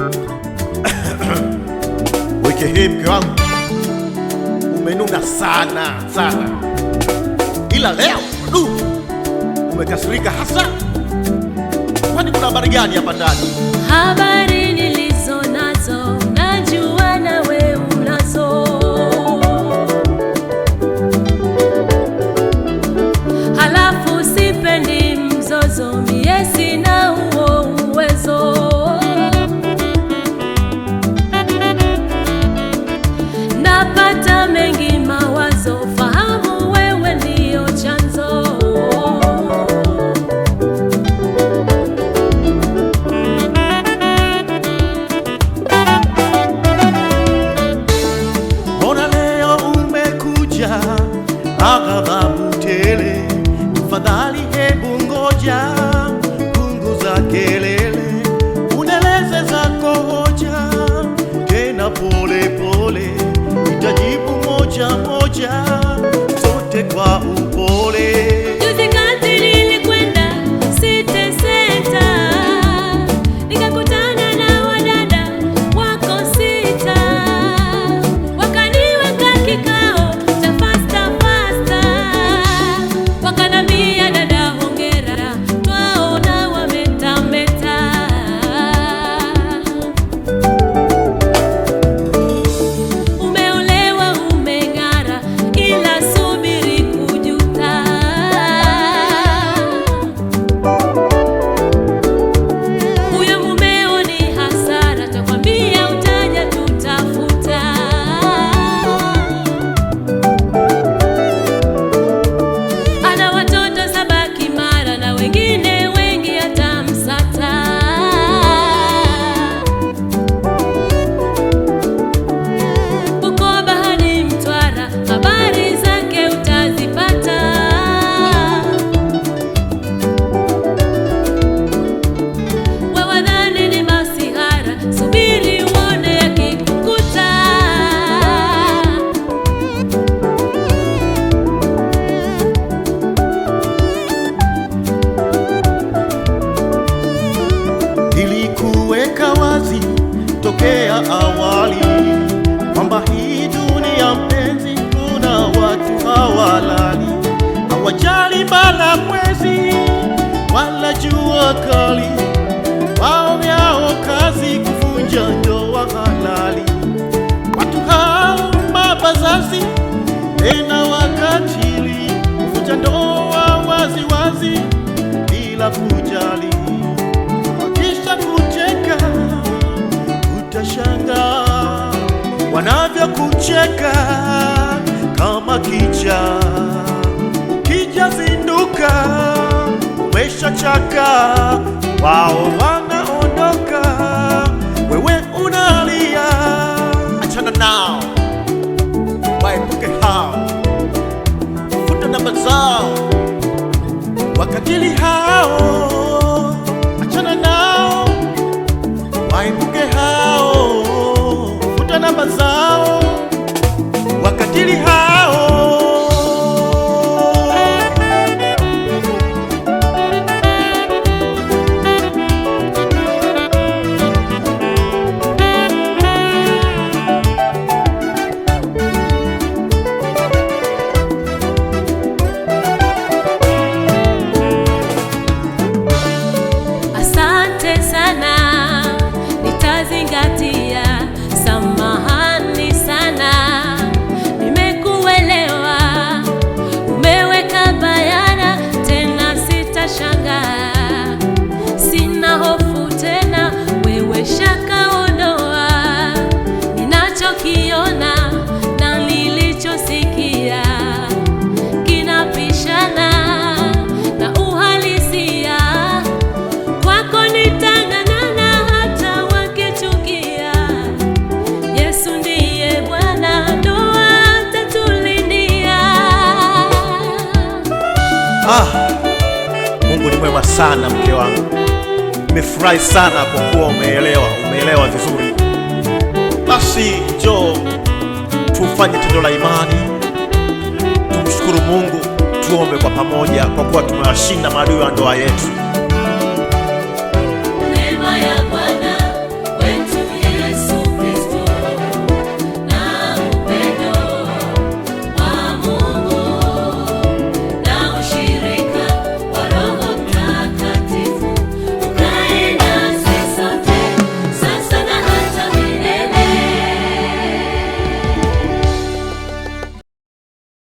weke mke wangu umenuna sana sana, ila leo du umekasirika hasa. Kwani kuna habari gani hapa ndani? habari Baba. awali kwamba hii dunia mpenzi, kuna watu hawalali, hawajali bala mwezi wala jua kali, wao yao kazi kuvunja ndoa halali. Watu hao mabazazi tena kucheka kama kija, kija ukijazinduka umeshachaka wao sana mke wangu, nimefurahi sana kwa kuwa umeelewa, umeelewa vizuri. Basi njoo tufanye tendo la imani, tumshukuru Mungu, tuombe kwa pamoja, kwa kuwa tumewashinda maadui wa ndoa yetu.